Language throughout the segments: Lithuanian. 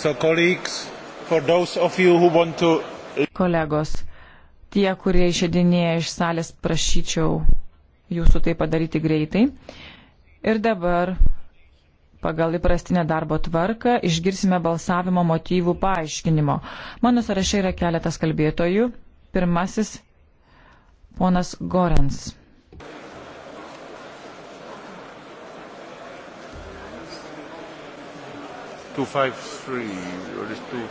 So, to... Kolegos, tie, kurie išėdinėja iš salės, prašyčiau jūsų tai padaryti greitai. Ir dabar, pagal įprastinę darbo tvarką, išgirsime balsavimo motyvų paaiškinimo. Mano sąraše yra keletas kalbėtojų. Pirmasis, ponas Gorens. 253 or is 253?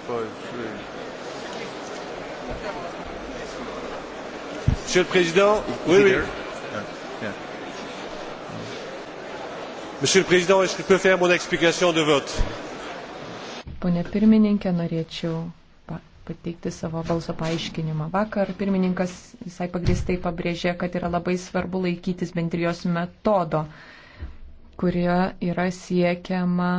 Monsieur le Président, oui, oui. Monsieur le Président, est-ce que je peux faire mon explication de vote? Pone pirmininkė, norėčiau pateikti savo balso paaiškinimą. Vakar pirmininkas visai pagristai pabrėžė, kad yra labai svarbu laikytis bendrijos metodo, kurio yra siekiama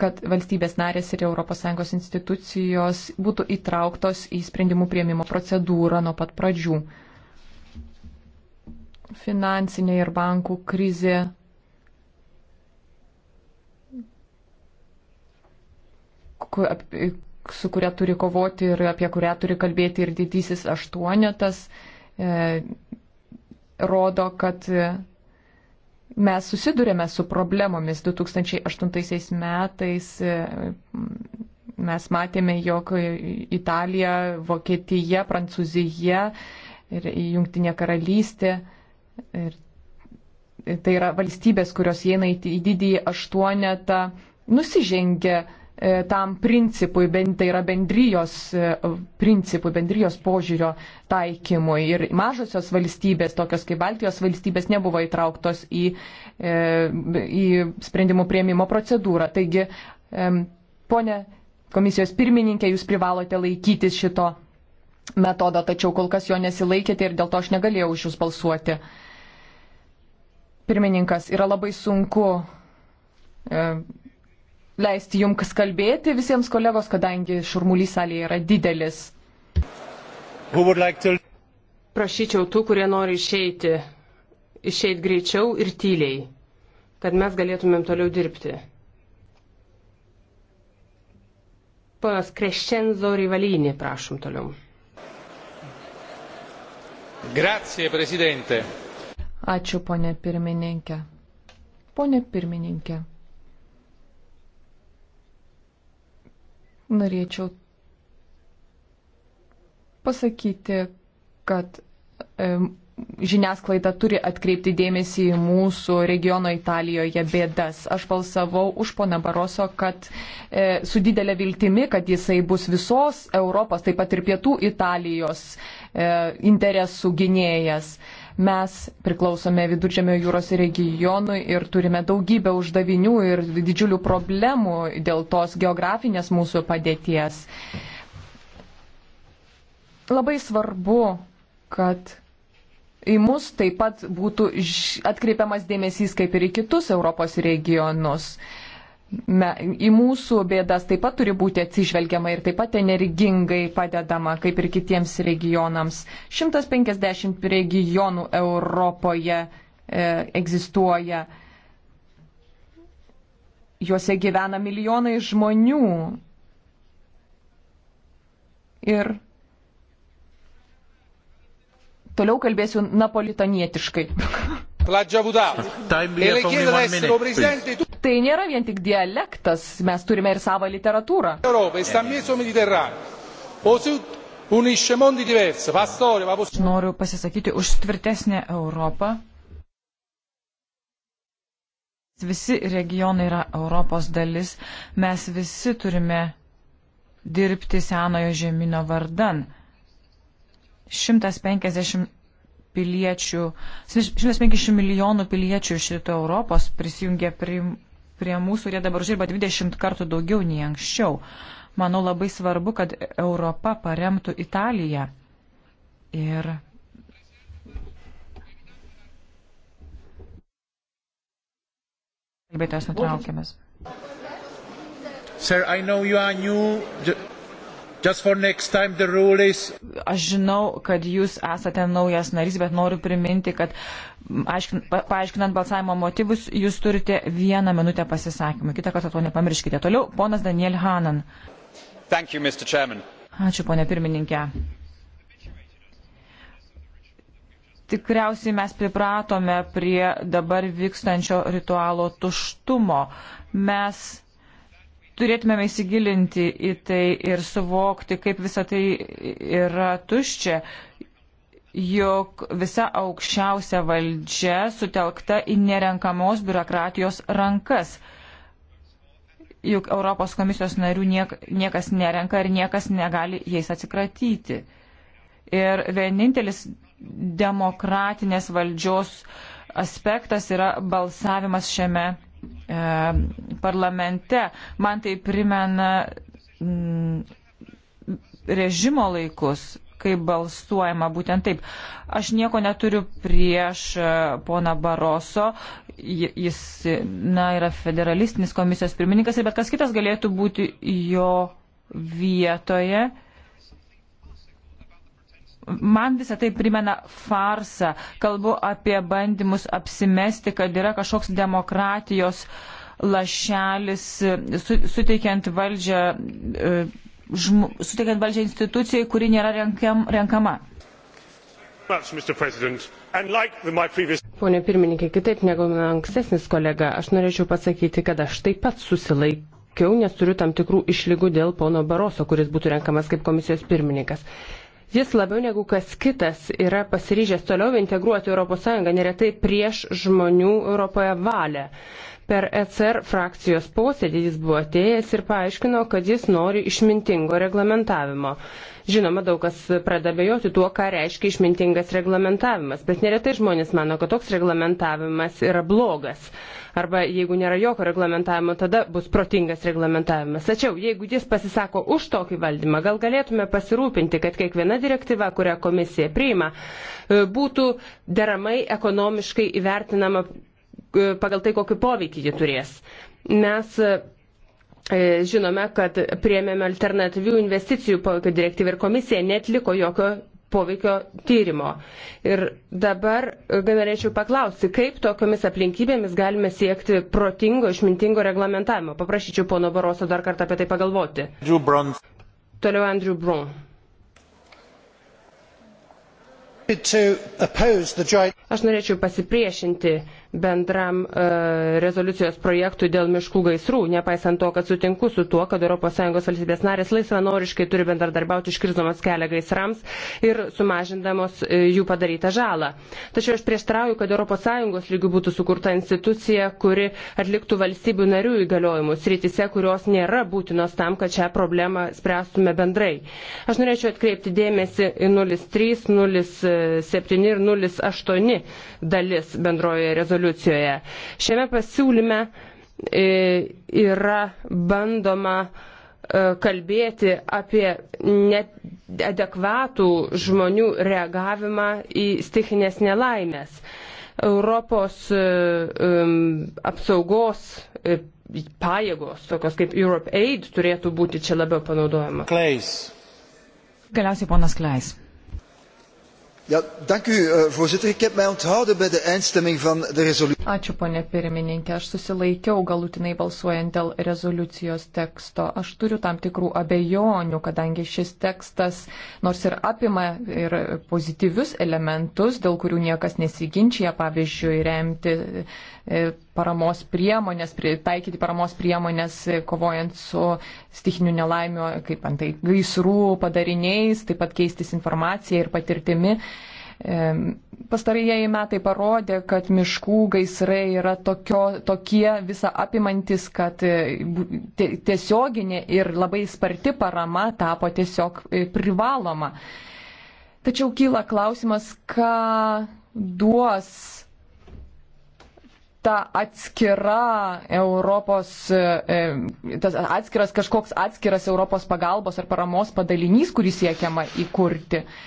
kad valstybės narės ir ES institucijos būtų įtrauktos į sprendimų prieimimo procedūrą nuo pat pradžių. Finansinė ir bankų krizė su kuria turi kovoti ir apie kurią turi kalbėti ir didysis aštuonetas, e, rodo, kad mes susidurėme su problemomis 2008 metais. E, mes matėme, jog Italija, Vokietija, Prancūzija ir Junktinė karalystė ir tai yra valstybės, kurios įeina į didįjį aštuonetą, nusižengia E, tam principui, bent tai yra bendrijos e, principui, bendrijos požiūrio taikymui. Ir mažosios valstybės, tokios kaip Baltijos valstybės, nebuvo įtrauktos į, e, į sprendimų prieimimo procedūrą. Taigi, ponė komisijos pirmininkė, jūs privalote laikytis šito metodo, tačiau kol kas jo nesilaikėte ir dėl to aš negalėjau už jūs balsuoti. Pirmininkas, yra labai sunku leisti jums kalbėti visiems kolegos, kadangi šurmulys salėje yra didelis. Like to... Prašyčiau tų, kurie nori išeiti, išeiti greičiau ir tyliai, kad mes galėtumėm toliau dirbti. Ponas Krešenzo Rivalinį, prašom toliau. Grazie, prezidente. Ačiū, ponė pirmininkė. Ponė pirmininkė. norėčiau pasakyti, kad e, žiniasklaida turi atkreipti dėmesį į mūsų regiono Italijoje bėdas. Aš balsavau už poną Baroso, kad e, su didelė viltimi, kad jisai bus visos Europos, taip pat ir pietų Italijos e, interesų gynėjas. E, Mes priklausome Viduržėmio jūros regionui ir turime daugybę uždavinių ir didžiulių problemų dėl tos geografinės mūsų padėties. Labai svarbu, kad į mus taip pat būtų atkreipiamas dėmesys kaip ir į kitus Europos regionus. Uh, me, į mūsų bėdas taip pat turi būti atsižvelgiama ir taip pat energingai padedama, kaip ir kitiems regionams. 150 regionų Europoje e, egzistuoja. Juose gyvena milijonai žmonių. Ir toliau kalbėsiu napolitanietiškai. l'ha già votato. Ah, e le chiedo di essere presente tu. Tai nėra vien tik dialektas, mes turime ir savo literatūrą. Europa, unisce mondi diversi, fa storia, fa post... Noriu pasisakyti už tvirtesnę Europą. Visi regionai yra Europos dalis, mes visi turime dirbti senojo žemino vardan. 150 piliečių, 150 milijonų piliečių iš rytų Europos prisijungė prie, prie mūsų ir jie dabar uždirba 20 kartų daugiau nei anksčiau. Manau labai svarbu, kad Europa paremtų Italiją. Ir kalbėtojas nutraukiamas. Sir, I know you are new. Is... Aš žinau, kad jūs esate naujas narys, bet noriu priminti, kad aiškin, pa, paaiškinant balsavimo motyvus, jūs turite vieną minutę pasisakymui. Kitą kartą to nepamirškite. Toliau, ponas Daniel Hanan. Thank you, Ačiū, ponė pirmininkė. Tikriausiai mes pripratome prie dabar vykstančio ritualo tuštumo. Mes turėtumėme įsigilinti į tai ir suvokti, kaip visa tai yra tuščia, jog visa aukščiausia valdžia sutelkta į nerenkamos biurokratijos rankas. Juk Europos komisijos narių niek, niekas nerenka ir niekas negali jais atsikratyti. Ir vienintelis demokratinės valdžios aspektas yra balsavimas šiame e, parlamente. Man tai primena m, mm, režimo laikus, kai balsuojama būtent taip. Aš nieko neturiu prieš e, poną Baroso, jis na, yra federalistinis komisijos pirmininkas ir bet kas kitas galėtų būti jo vietoje. Man visą tai primena farsą. Kalbu apie bandymus apsimesti, kad yra kažkoks demokratijos lašelis, su, suteikiant valdžią, e, žm, suteikiant valdžią institucijai, kuri nėra renkiam, renkama. Pone pirmininkė, kitaip negu ankstesnis kolega, aš norėčiau pasakyti, kad aš taip pat susilaikiau pasakiau, nes turiu tam tikrų išlygų dėl pono Baroso, kuris būtų renkamas kaip komisijos pirmininkas. Jis labiau negu kas kitas yra pasiryžęs toliau integruoti ES neretai prieš žmonių Europoje valią. Per ECR frakcijos posėdį jis buvo atėjęs ir paaiškino, kad jis nori išmintingo reglamentavimo. Žinoma, daug kas pradeda bejoti tuo, ką reiškia išmintingas reglamentavimas, bet neretai žmonės mano, kad toks reglamentavimas yra blogas. Arba jeigu nėra jokio reglamentavimo, tada bus protingas reglamentavimas. Tačiau, jeigu jis pasisako už tokį valdymą, gal galėtume pasirūpinti, kad kiekviena direktyva, kurią komisija priima, e, būtų deramai ekonomiškai įvertinama pagal tai, kokį poveikį ji turės. Mes e, žinome, kad priemėme alternatyvių investicijų poveikio direktyvą ir komisija netliko jokio poveikio tyrimo. Ir dabar e, norėčiau paklausti, kaip tokiomis aplinkybėmis galime siekti protingo, išmintingo reglamentavimo. Paprašyčiau pono Baroso dar kartą apie tai pagalvoti. Andrew Toliau Andrew Brun. Aš norėčiau pasipriešinti bendram e, rezoliucijos projektui dėl miškų gaisrų, nepaisant to, kad sutinku su tuo, kad ES valstybės narės laisvanoriškai turi bendradarbiauti iškirzomas kelią gaisrams ir sumažindamos e, jų padarytą žalą. Tačiau aš prieštrauju, kad ES lygių būtų sukurta institucija, kuri atliktų valstybių narių įgaliojimus rytise, kurios nėra būtinos tam, kad šią problemą spręstume bendrai. Aš norėčiau atkreipti dėmesį į 03, 03. 7 ir 08 dalis bendroje rezoliucijoje. Šiame pasiūlyme e, yra bandoma e, kalbėti apie neadekvatų žmonių reagavimą į stichinės nelaimės. Europos um, apsaugos pajėgos, tokios kaip Europe Aid, turėtų būti čia labiau panaudojama. Kleis. Galiausiai ponas Kleis. Eh, voorzitter ik heb mij onthouden bij de eindstemming van de resolutie. Ačiū, ponė pirmininkė. Aš susilaikiau galutinai balsuojant dėl rezoliucijos teksto. Aš turiu tam tikrų abejonių, kadangi šis tekstas nors ir apima ir pozityvius elementus, dėl kurių niekas nesiginčia, pavyzdžiui, remti e, paramos priemonės, taikyti paramos priemonės, kovojant su stichiniu nelaimiu, kaip antai gaisrų padariniais, taip pat keistis informacija ir patirtimi pastarieji metai parodė, kad miškų gaisrai yra tokio, tokie visą apimantis, kad e, tiesioginė ir labai sparti parama tapo tiesiog e, privaloma. Tačiau kyla klausimas, ką duos ta atskira Europos, e, tas atskiras kažkoks atskiras Europos pagalbos ar paramos padalinys, kurį siekiama įkurti. Uh,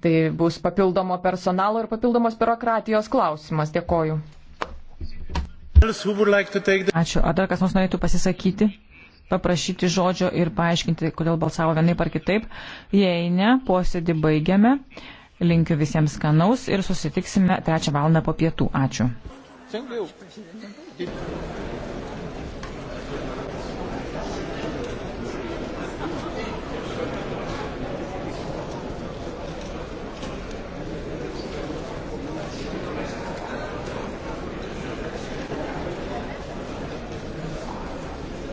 Tai bus papildomo personalo ir papildomos biurokratijos klausimas. Dėkoju. Ačiū. Ar dar kas nors norėtų pasisakyti, paprašyti žodžio ir paaiškinti, kodėl balsavo vienaip ar kitaip? Jei ne, posėdį baigiame. Linkiu visiems skanaus ir susitiksime trečią valandą po pietų. Ačiū. Dziękuję.